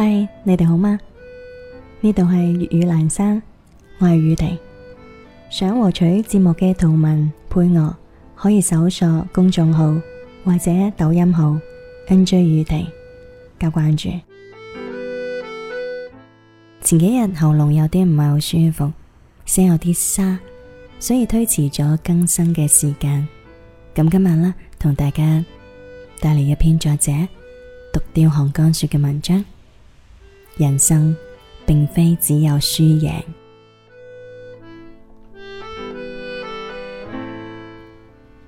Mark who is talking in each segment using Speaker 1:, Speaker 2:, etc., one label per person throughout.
Speaker 1: 嗨，Hi，你哋好嗎？呢度係粵語闌珊，我係宇婷，想獲取節目嘅圖文配樂，可以搜索公眾號或者抖音號 NJ 宇婷，加關注。前幾日喉嚨有啲唔係好舒服，聲有啲沙，所以推遲咗更新嘅時間。咁今晚啦，同大家帶嚟一篇作者獨釣寒江雪嘅文章。人生並非只有輸贏。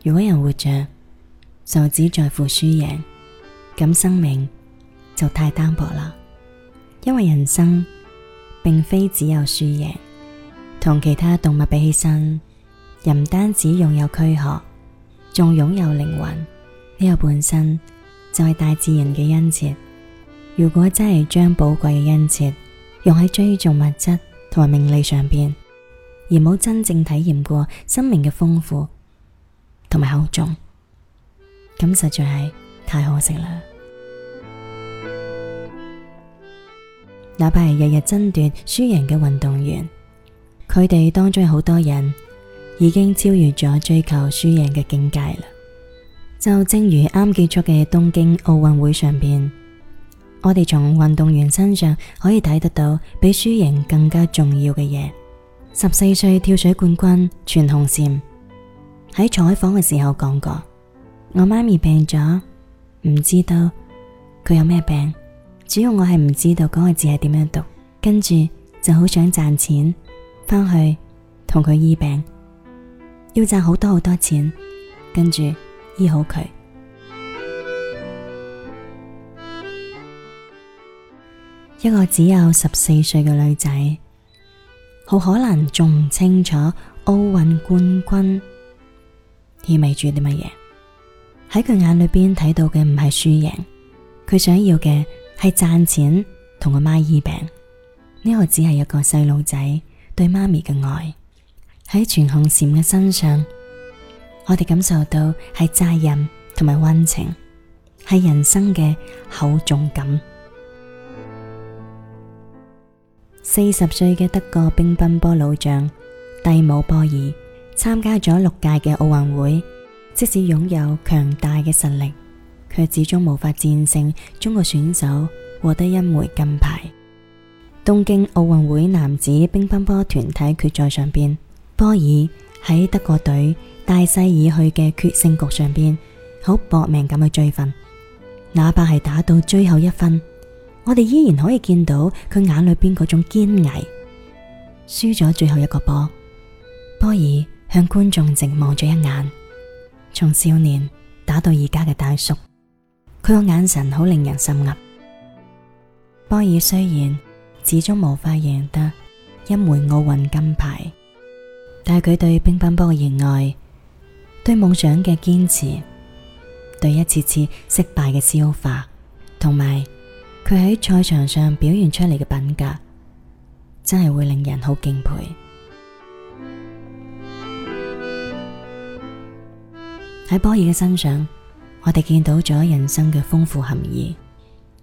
Speaker 1: 如果人活着，就只在乎輸贏，咁生命就太單薄啦。因為人生並非只有輸贏。同其他動物比起身，人唔單止擁有軀殼，仲擁有靈魂，呢個本身就係大自然嘅恩賜。如果真係將寶貴嘅恩賜用喺追逐物質同埋名利上邊，而冇真正體驗過生命嘅豐富同埋厚重，咁實在係太可惜啦！ 哪怕係日日爭奪輸贏嘅運動員，佢哋當中有好多人已經超越咗追求輸贏嘅境界啦。就正如啱結束嘅東京奧運會上邊。我哋從運動員身上可以睇得到比輸贏更加重要嘅嘢。十四歲跳水冠軍全紅嬋喺採訪嘅時候講過：我媽咪病咗，唔知道佢有咩病，主要我係唔知道嗰個字係點樣讀。跟住就好想賺錢翻去同佢醫病，要賺好多好多錢，跟住醫好佢。一個只有十四歲嘅女仔，好可能仲唔清楚奧運冠軍意味住啲乜嘢。喺佢眼裏邊睇到嘅唔係輸贏，佢想要嘅係賺錢同佢媽醫病。呢個只係一個細路仔對媽咪嘅愛。喺全紅嬋嘅身上，我哋感受到係責任同埋溫情，係人生嘅厚重感。四十歲嘅德國乒乓波老將蒂姆·波爾參加咗六屆嘅奧運會，即使擁有強大嘅實力，卻始終無法戰勝中國選手，獲得一枚金牌。東京奧運會男子乒乓波團體決賽上邊，波爾喺德國隊大勢已去嘅決勝局上邊，好搏命咁去追分，哪怕係打到最後一分。我哋依然可以見到佢眼裏邊嗰種堅毅。輸咗最後一個波，波爾向觀眾席望咗一眼。從少年打到而家嘅大叔，佢個眼神好令人心痛。波爾雖然始終無法贏得一枚奧運金牌，但係佢對乒乓波嘅熱愛、對夢想嘅堅持、對一次次失敗嘅消化同埋。佢喺賽場上表現出嚟嘅品格，真係會令人好敬佩。喺波爾嘅身上，我哋見到咗人生嘅豐富含義。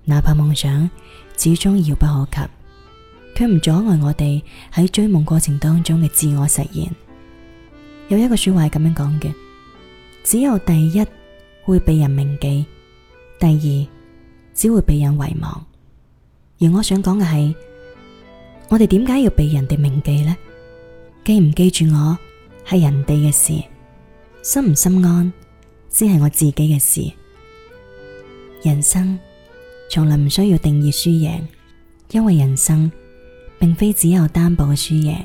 Speaker 1: 哪怕夢想始終遙不可及，卻唔阻礙我哋喺追夢過程當中嘅自我實現。有一個說話係咁樣講嘅：只有第一會被人銘記，第二。只會被人遺忘，而我想講嘅係，我哋點解要被人哋銘記呢？記唔記住我係人哋嘅事，心唔心安先係我自己嘅事。人生從來唔需要定義輸贏，因為人生並非只有單薄嘅輸贏，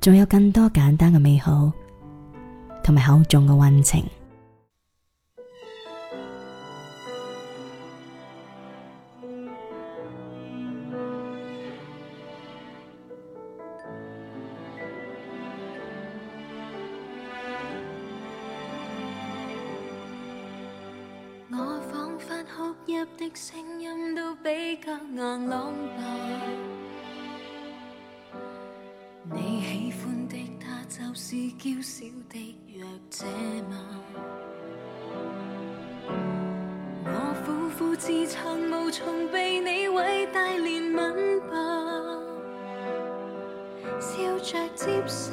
Speaker 1: 仲有更多簡單嘅美好，同埋厚重嘅溫情。
Speaker 2: 入的聲音都比較硬朗吧？你喜歡的他就是嬌小的弱者嗎？我苦苦自撐無從被你偉大憐憫吧，笑着接受。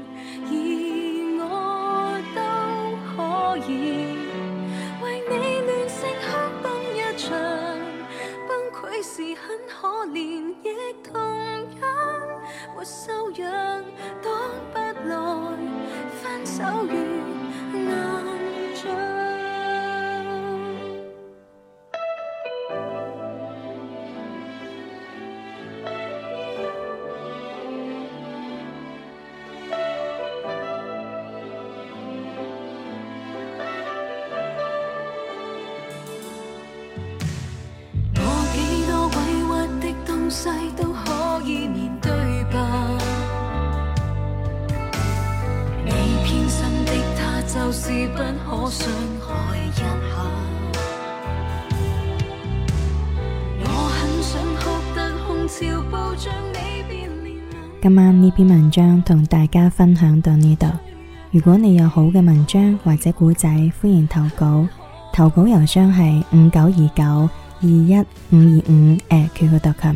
Speaker 1: 今晚呢篇文章同大家分享到呢度。如果你有好嘅文章或者古仔，歡迎投稿。投稿郵箱係五九二九二一五二五，誒，qq 點 com。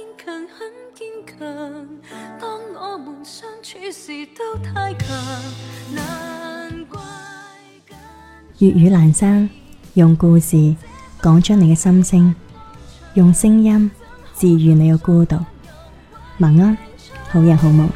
Speaker 2: 堅強很堅強，當我們相處時都太強。難怪
Speaker 1: 粵語男生用故事講出你嘅心聲，用聲音治愈你嘅孤獨。晚安，好人好夢。